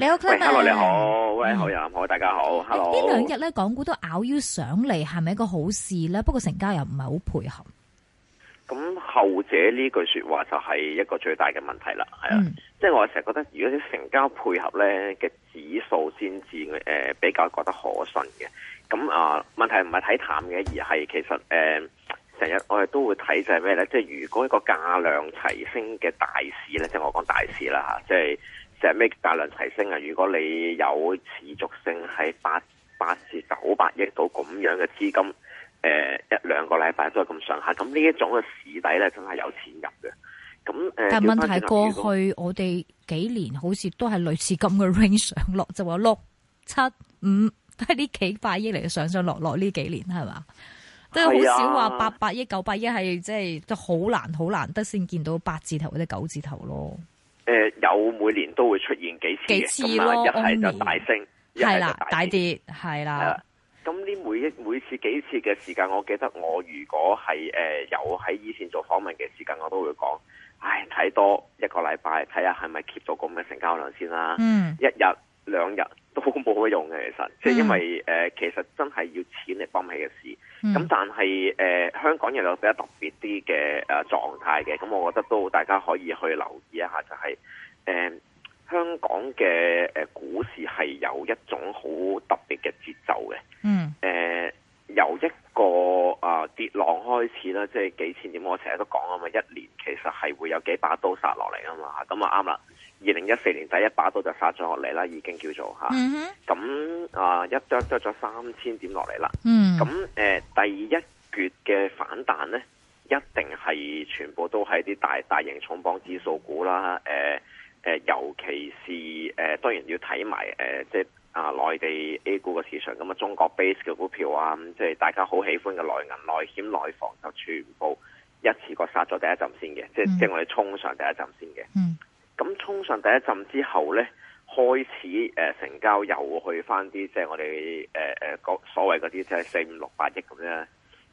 你好 Clive 你好，喂，好呀、嗯，好，大家好，hello。呢兩日咧，港股都咬腰上嚟，係咪一個好事咧？不過成交又唔係好配合。咁後者呢句說話就係一個最大嘅問題啦，係啊，即、嗯、係我成日覺得，如果啲成交配合咧嘅指數先至誒比較覺得可信嘅。咁啊、呃，問題唔係睇淡嘅，而係其實誒成日我哋都會睇就係咩咧？即係如果一個價量齊升嘅大市咧、就是，即係我講大市啦吓，即係。即係咩大量提升啊！如果你有持續性係八八至九百億到咁樣嘅資金，誒一兩個禮拜都係咁上、嗯、上下，咁呢一種嘅市底咧，真係有錢入嘅。咁誒，但係問題過去我哋幾年好似都係類似咁嘅 range 上落，就話六七五都係呢幾百億嚟嘅上上落落呢幾年係嘛？都好少話八百億九百億係，即係都好難好難得先見到八字頭或者九字頭咯。誒、呃，有每年都會出現幾次嘅。咁啊一係就大升，一係就大跌，係啦。咁呢每一每次幾次嘅時間，我記得我如果係誒、呃、有喺以前做訪問嘅時間，我都會講，唉，睇多看一個禮拜，睇下係咪 keep 到咁嘅成交量先啦。嗯，一日兩日。都冇乜用嘅，其實，即係因為誒、嗯呃，其實真係要錢嚟幫起嘅事。咁、嗯、但係誒、呃，香港又有比較特別啲嘅誒狀態嘅，咁我覺得都大家可以去留意一下，就是，就係誒香港嘅誒股市係有一種好特別嘅節奏嘅。嗯。誒、呃，由一個啊、呃、跌浪開始啦，即係幾千點，我成日都講啊嘛，一年其實係會有幾把刀殺落嚟啊嘛，咁啊啱啦。二零一四年第一把刀就殺咗落嚟啦，已經叫做嚇。咁、mm -hmm. 啊，一 drop drop 咗三千點落嚟啦。咁、mm、誒 -hmm. 啊，第一撅嘅反彈咧，一定係全部都係啲大大型重磅指數股啦。誒、啊、誒、啊，尤其是誒、啊，當然要睇埋誒，即係啊，內地 A 股嘅市場咁啊，中國 base 嘅股票啊，即、啊、係大家好喜歡嘅內銀內險內房，就全部一次過殺咗第一陣先嘅，即係即係我哋衝上第一陣先嘅。Mm -hmm. 咁沖上第一陣之後呢，開始誒、呃、成交又去翻啲，即係我哋誒誒所謂嗰啲，即係四五六百億咁啦。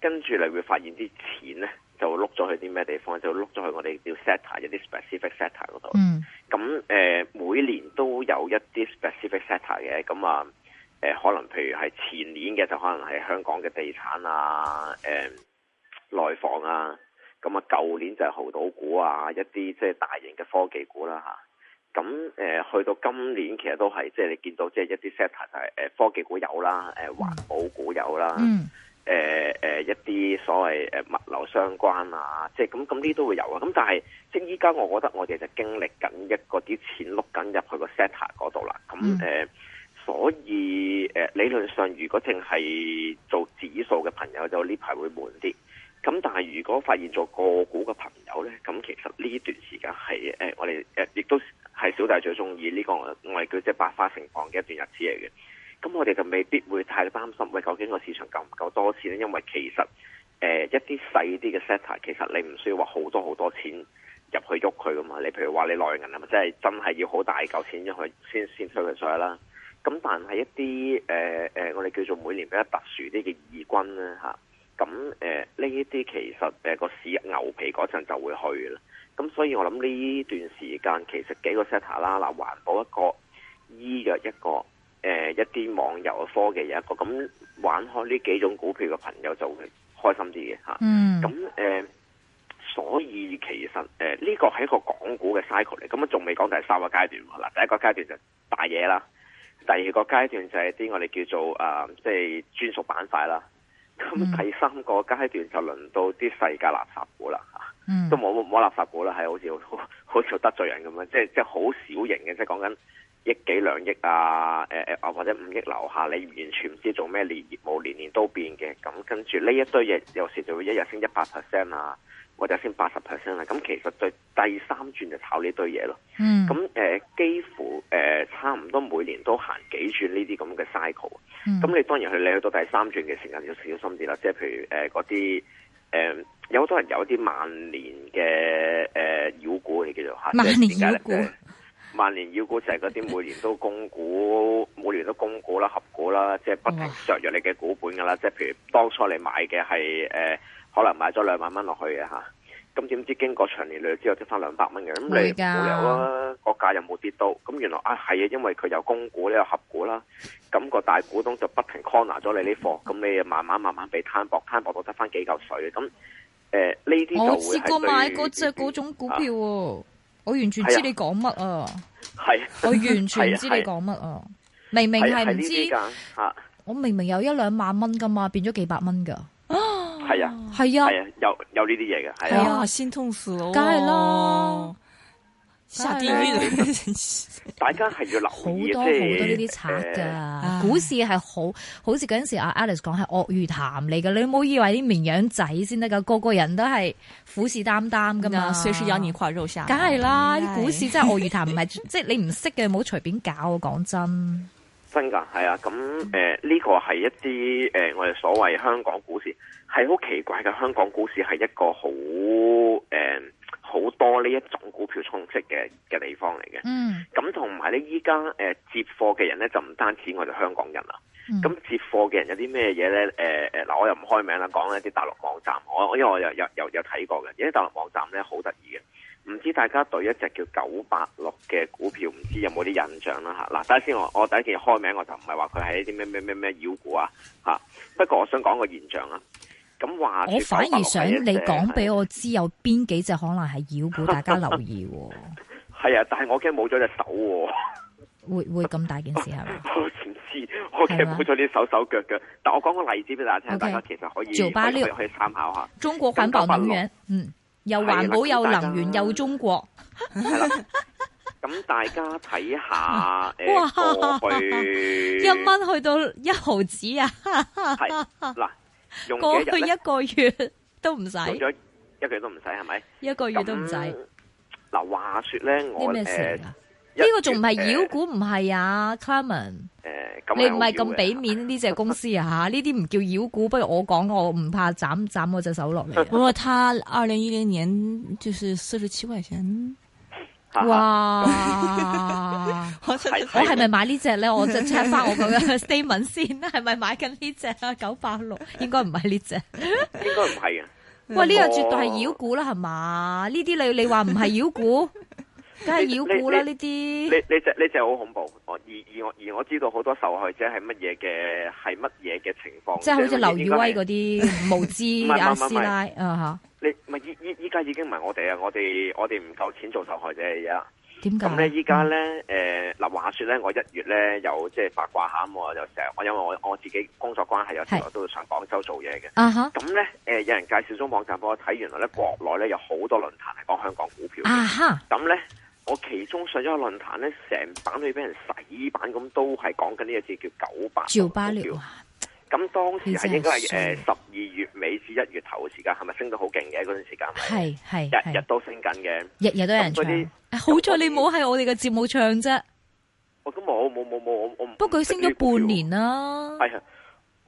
跟住你會發現啲錢呢，就碌咗去啲咩地方？就碌咗去我哋叫 s e t t e 一啲 specific s e t t e 嗰度。嗯。咁誒、呃，每年都有一啲 specific s e t t e 嘅。咁啊，誒、呃呃、可能譬如係前年嘅，就可能係香港嘅地產啊，誒、呃、內房啊。咁啊，舊年就係豪賭股啊，一啲即係大型嘅科技股啦、啊、吓，咁、呃、去到今年其實都係即係你見到即係一啲 sector 係科技股有啦，誒環保股有啦，嗯呃呃、一啲所謂物流相關啊，即係咁咁啲都會有啊。咁但係即係依家我覺得我哋就經歷緊一個啲錢碌緊入去個 sector 嗰度啦。咁、嗯呃、所以、呃、理論上如果淨係做指數嘅朋友就呢排會悶啲。咁但係如果發現咗個股嘅朋友呢，咁其實呢段時間係、呃、我哋亦都係小弟最中意呢個我哋叫即係百花盛放嘅一段日子嚟嘅。咁我哋就未必會太擔心，喂，究竟個市場夠唔夠多錢，因為其實、呃、一啲細啲嘅 setter，其實你唔需要話好多好多錢入去喐佢噶嘛。你譬如話你內銀係咪真係真係要好大嚿錢入去先先推佢上去上去啦。咁但係一啲、呃、我哋叫做每年比較特殊啲嘅二軍呢吓。咁誒，呢一啲其實誒、呃、個市牛皮嗰陣就會去啦。咁所以我諗呢段時間其實幾個 sector 啦，嗱，環保一個、醫藥一個、誒、呃、一啲網遊科技嘢一個，咁玩開呢幾種股票嘅朋友就會開心啲嘅吓。嗯、mm. 啊。咁誒、呃，所以其實誒呢個係一個港股嘅 cycle 嚟。咁啊仲未講第三個階段。嗱，第一個階段就大嘢啦，第二個階段就係啲我哋叫做誒即係專屬板塊啦。咁、嗯、第三個階段就輪到啲細價垃圾股啦、嗯、都冇冇垃圾股啦，係好似好似得罪人咁樣，即係即係好小型嘅，即係講緊億幾兩億啊，呃、或者五億樓下，你完全唔知做咩年業務，年年都變嘅，咁跟住呢一堆嘢，有時就會一日升一百 percent 啊！或者先八十 percent 啦，咁其實在第三轉就炒呢堆嘢咯。咁、嗯、誒、呃、幾乎誒、呃、差唔多每年都行幾轉呢啲咁嘅 cycle。咁、嗯、你當然去你去到第三轉嘅時間要小心啲啦。即係譬如誒嗰啲誒，有好多人有啲萬年嘅誒妖股你叫做嚇，萬年妖股，萬年妖股就係嗰啲每年都供股。 啦，即係不停削弱你嘅股本噶啦，即係譬如當初你買嘅係誒，可能買咗兩萬蚊落去嘅吓，咁、啊、點知經過長年累月之後兩跌翻兩百蚊嘅，咁你冇有啊？股價又冇跌到，咁原來啊係啊，因為佢有供股咧，你有合股啦，咁、個大股東就不停 con 拿咗你啲貨，咁、嗯、你又慢慢慢慢被攤薄，攤薄到得翻幾嚿水，咁誒呢啲我試過買過即嗰種，種股票，啊，我完全知你講乜啊，係、啊、我完全知你講乜啊。 明明係唔知道是、啊，我明明有一兩萬蚊噶嘛，變咗幾百蚊噶。係啊，係啊，啊，啊，有有呢啲嘢嘅。係啊，先通數咯。梗係咯，吓啲、啊、大家係要留意好多好、就是、多呢啲賊噶。股市係好，好似嗰陣時阿 Alice 講係鱷魚潭嚟嘅。你唔好以為啲綿羊仔先得噶，個個人都係虎視眈眈噶嘛，說說有而誇肉沙。梗係啦，啲股市真係鱷魚潭，唔係即係你唔識嘅，唔好隨便搞的。講真的。真噶，係啊，咁誒呢個係一啲誒、呃、我哋所謂香港股市係好奇怪嘅，香港股市係一個好誒好多呢一種股票充斥嘅嘅地方嚟嘅。嗯，咁同埋咧，依家誒接貨嘅人咧就唔單止我哋香港人啦。咁、嗯、接貨嘅人有啲咩嘢咧？誒、呃、誒，嗱我又唔開名啦，講一啲大陸網站，我因為我又有有有睇過嘅，有啲大陸網站咧好得意嘅。唔知大家對一隻叫九八六嘅股票，唔知有冇啲印象啦嚇？嗱，等陣先我我第一件開名我就唔係話佢係一啲咩咩咩咩妖股啊嚇，不過我想講個現象啊。咁話，我反而想你講俾我知有邊幾隻可能係妖股， 大家留意哦。係啊，但係我驚冇咗隻手。會會咁大件事係嘛？唔知我驚冇咗啲手手腳腳。但我講個例子俾大家聽，大家其實可以九八六可以參考下。中國環保能源，九八六，嗯。又環保又能源又中國，係咁、啊、 大家睇下，誒、 呃，過 一蚊去到一毫子啊 ！係嗱，過去一個月都唔使，一個月都唔使係咪？一個月都唔使。嗱，話說咧，我咩誒。呢、這個仲唔係妖股唔係啊、呃、，Carmen，、呃、你唔係咁俾面呢隻、呃、公司啊吓，呢啲唔叫妖股，不如我講，我唔怕斬斬我隻手落嚟。 我是不過他，二零一零年就是四十七塊錢，哇！我係咪買呢隻咧？我再 check 翻我個 statement 先，係咪買緊呢隻啊？九百六應該唔係呢隻，應該唔係啊！喂，呢個絕對係妖股啦，係嘛？呢 啲你你話唔係妖股？梗係妖股啦！呢啲，呢呢隻呢隻好恐怖。而而我而我知道好多受害者係乜嘢嘅，係乜嘢嘅情況。即係好似劉宇威嗰啲 無知資 阿師奶啊嚇。 你唔係依依依家已經唔係我哋啊！我哋我哋唔夠錢做受害者嘅嘢啦。點解？咁你依家咧誒嗱話説咧，我一月咧有即係八卦下咁喎，又成日我因為我我自己工作關係，有時候我都會上廣州做嘢嘅。咁咧誒有人介紹咗網站俾我睇，原來咧國內咧有好多論壇係講香港股票嘅。uh-huh. 咁咧。我其中上咗個論壇咧，成版都要俾人洗版咁，都係講緊呢個字叫九八。趙巴略咁當時係應該係誒十二月尾至一月頭嘅時間，係咪升到好勁嘅嗰段時間？係係日日,日都升緊嘅，日日都有人唱。那那好彩你冇喺我哋嘅節目唱啫、啊。我咁我冇冇冇我我不過佢升咗半年啦。係啊，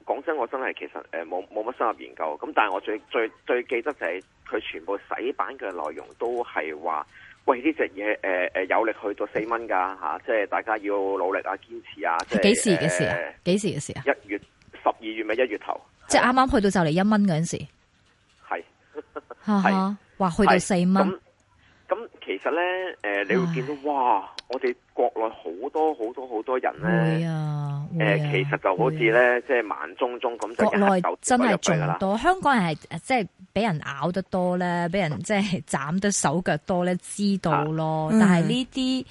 講真，我真係其實誒冇冇乜深入研究。咁但係我最最最記得就係佢全部洗版嘅內容都係話。喂，呢隻嘢誒誒有力去到四蚊噶吓，即係大家要努力堅啊，堅持啊，即係幾時嘅事啊？幾、呃、時嘅事啊？一月十二月咪一月頭，即係啱啱去到就嚟一蚊嗰陣時，係、啊，吓哇，哈哈話去到四蚊。其實咧，誒、呃，你會見到哇，我哋國內好多好多好多人咧，誒、啊啊呃，其實就好似咧，即係晚中中咁。國內真係仲多，香港人係即係俾人咬得多咧，俾人即係斬得手腳多咧，知道咯。啊、但係呢啲。嗯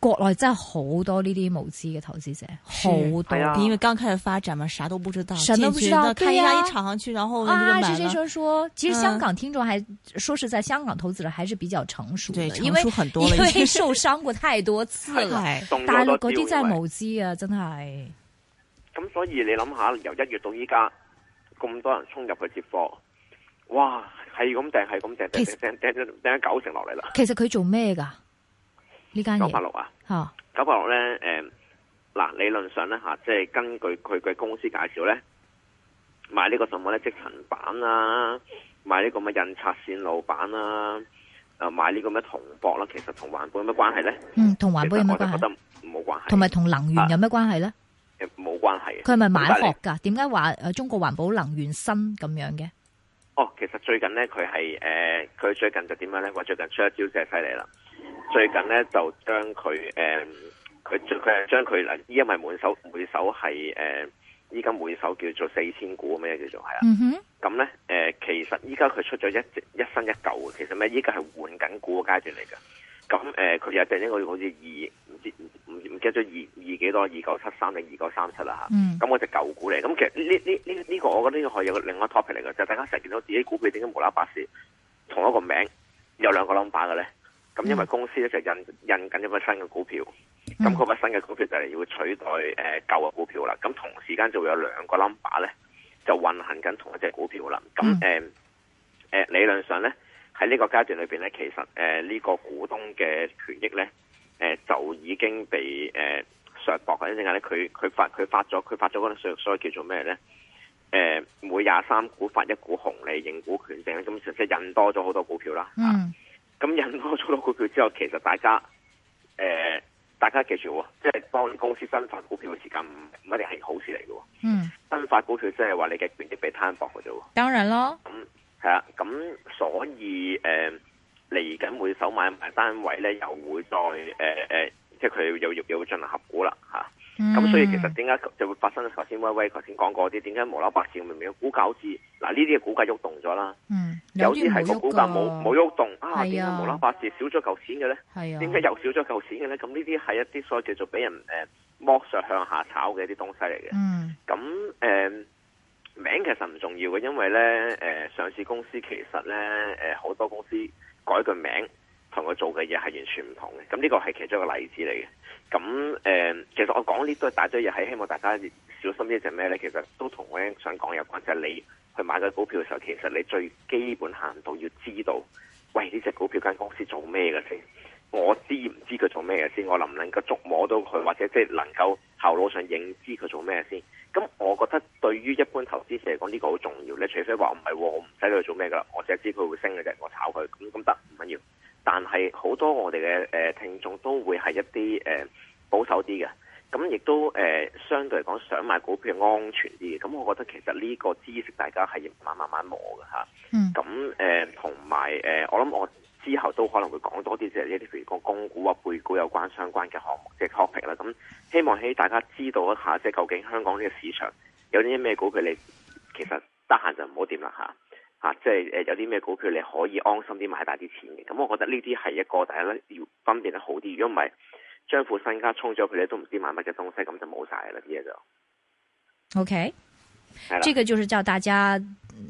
國內真係好多呢啲無知嘅投資者，好多，因為剛開始發展嘛，啥都不知道，什麼都不知道，不知道，啊、看一下一場上去，啊，然後啊，呢聲說，說，其實香港聽眾還，啊、說是在香港投資者還是比較成熟，對，成熟很多了，因為，因為受傷過太多次了。 是大陸嗰啲真係無知啊，真係。咁所以你諗下，由一月到依家，咁多人衝入去接貨，哇，係咁掟係咁掟掟掟掟咗九成落嚟啦。其實佢做咩噶？九百六啊！九百六咧，誒，嗱，理論上咧吓，即係根據佢嘅公司介紹咧，買呢個什麼咧，積層板啊，買呢個咩印刷線路板啊，買呢個咩銅箔啦，其實同環保有咩關係咧？嗯，同環保有咩關係？冇關係。同埋同能源有咩關係咧？冇關係。佢、啊、係咪買殼噶？點解話誒，中國環保能源新咁樣嘅？哦，其實最近咧，佢係誒，佢最近就點樣咧？話最近出一招真係犀利啦！最近咧就將佢誒，佢佢係將佢啦，因為每手每手係誒，依家每手叫做四千股咩叫做係啦。咁咧誒，其實依家佢出咗一隻一新一舊其實咩？依家係換緊股嘅階段嚟㗎。咁誒，佢有隻呢個好似二唔知唔唔記得咗二二幾多二九七三定二九三七啦吓。咁嗰隻舊股嚟，咁其實呢呢呢呢個，這個、我覺得呢個係有個另一 topic 嚟嘅，就係、是、大家成日見到自己股票點解無啦八百事同一個名有兩個 number 嘅咧。咁、嗯、因為公司咧就印印緊一個新嘅股票，咁、嗯、嗰新嘅股票就係要取代誒、呃、舊嘅股票啦。咁同時間就有兩個 number 咧，就運行緊同一隻股票啦。咁誒、呃呃、理論上咧喺呢個階段裏面咧，其實誒呢、呃呢個股東嘅權益咧誒、呃、就已經被誒、呃、削薄，或者點解咧？佢佢發佢發咗佢發咗嗰啲稅所所以叫做咩咧？誒、呃、每廿三股發一股紅利認股權證，咁即係引多咗好多股票啦。嗯。咁引多咗到股票之後，其實大家誒、呃，大家記住喎，即係幫公司增發股票嘅時間唔唔一定係好事嚟嘅喎。嗯。增發股票即係話你嘅權益被攤薄嘅啫喎。當然咯。咁係啊，咁所以誒嚟緊會收買係單位咧，又會再誒、呃、即係佢又會進行合股啦嚇。咁、啊嗯、所以其實點解就會發生頭先威威頭先講過啲？點解無樓白紙？明唔明估？股價好似嗱呢啲嘅股價喐動咗啦。嗯有啲係個股價冇冇喐動，啊點解冇啦啦百事少咗嚿錢嘅咧？點解、啊、又少咗嚿錢嘅咧？咁呢啲係一啲所謂叫做俾人誒剝削向下炒嘅一啲東西嚟嘅。嗯，咁誒、呃、名其實唔重要嘅，因為咧誒、呃、上市公司其實咧誒好多公司改個名同佢做嘅嘢係完全唔同嘅。咁呢個係其中一個例子嚟嘅。咁誒、呃、其實我講呢都係大堆嘢，係希望大家小心啲。就咩咧？其實都同我想講有關，就係、你。佢買嘅股票嘅時候，其實你最基本限度要知道，喂呢隻股票間公司做咩嘅先？我知唔知佢做咩嘅先？我能唔能夠觸摸到佢，或者即係能夠頭腦上認知佢做咩先？咁我覺得對於一般投資者嚟講，呢、呢個好重要咧。你除非話唔係，我唔使佢做咩噶啦，我只係知佢會升嘅啫，我炒佢咁咁得唔緊要。但係好多我哋嘅誒聽眾都會係一啲誒、呃、保守啲嘅。咁亦都誒、呃，相對嚟講想買股票安全啲嘅，咁我覺得其實呢個知識大家係要慢慢慢摸嘅吓。咁誒同埋誒，我諗我之後都可能會講多啲即係呢啲，譬如供股啊、配股有關相關嘅項目，即係 topic 啦。咁希望希望大家知道一下，即係究竟香港呢個市場有啲咩股票你，你其實得閒就唔好掂啦吓吓，即係誒有啲咩股票你可以安心啲買大啲錢嘅。咁我覺得呢啲係一個大家咧要分辨得好啲。如果唔係，將副身家充咗佢哋，都唔知買乜嘅東西，咁就冇晒啦啲嘢就。OK。 這個就是叫大家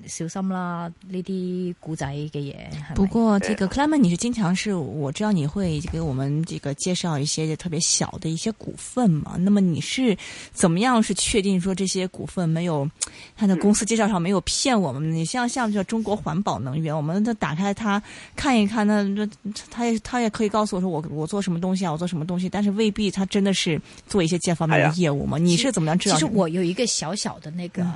小心啦，呢啲股仔嘅嘢。不過這個克萊曼，你是經常是，我知道你會給我們這個介紹一些特別小的一些股份嘛。那麼你是怎麼樣是確定說這些股份沒有他的公司介紹上沒有騙我們？嗯、你像像叫中國環保能源，我們都打開他看一看呢，那那他他也可以告訴我說我我做什麼東西啊，我做什麼東西，但是未必他真的是做一些這方面的業務嘛、哎。你是怎麼樣知道？其實我有一個小小的那個。嗯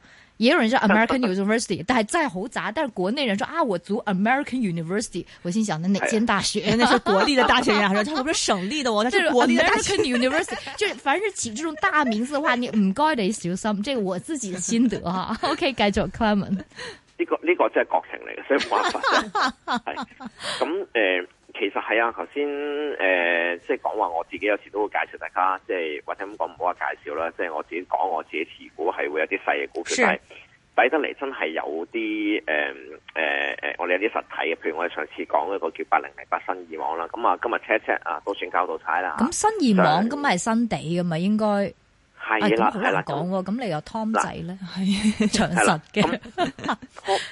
也有人叫 American University，但係真係好雜，但是國內人說啊，我讀 American University，我心想那哪間大學？是啊、 那是國立的大學呀，還、 啊啊、是或者說省立的？我那是 American University，就是凡、啊啊啊啊啊啊啊啊、 是起這種大名字的話，你唔該的，小心。這個我自己的心得哈、啊。OK，繼續 Clement。呢、這個呢、這個真係國情嚟嘅，所以冇辦法。係咁誒。其實係啊，頭先誒，即係講話我自己有時都會介紹大家，即係或者咁講，唔好話介紹啦，即係我自己講我自己持股係會有啲細嘅股票，sure. 但係抵得嚟真係有啲誒誒誒，我哋有啲實體嘅，譬如我哋上次講一個叫八零零八新意網啦，咁啊今日 check check 啊，都算交到踩啦。咁新意網今日，嗯，係新地噶嘛，應該係啦係啦，咁咁，哎，你又湯仔咧係長實嘅，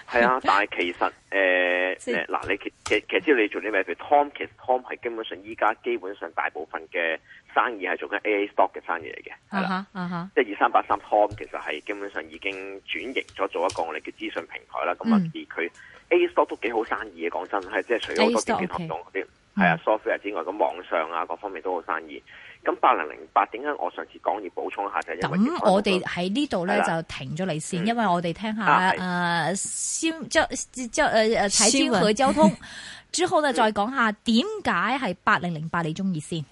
係啊、 嗯 哦，但係其實誒嗱，呃呃，你。其其實知道你做啲咩？譬如 Tom，其實 Tom 係基本上依家基本上大部分嘅生意係做緊 A A stock 嘅生意嚟嘅，係啦，即係二三八三 Tom 其實係基本上已經轉型咗做一個我哋嘅資訊平台啦。咁、嗯、啊，而佢 A stock 都幾好生意嘅，講真係，即係除咗好多經紀行嗰啲係啊 software 之外，咁網上啊各方面都好生意。咁八零零八點解，我上次講要補充一下就？咁我哋喺呢度咧就停咗嚟先，因為我哋聽下誒先即即誒誒睇天和交通之後咧再講下點解係八零零八你中意先。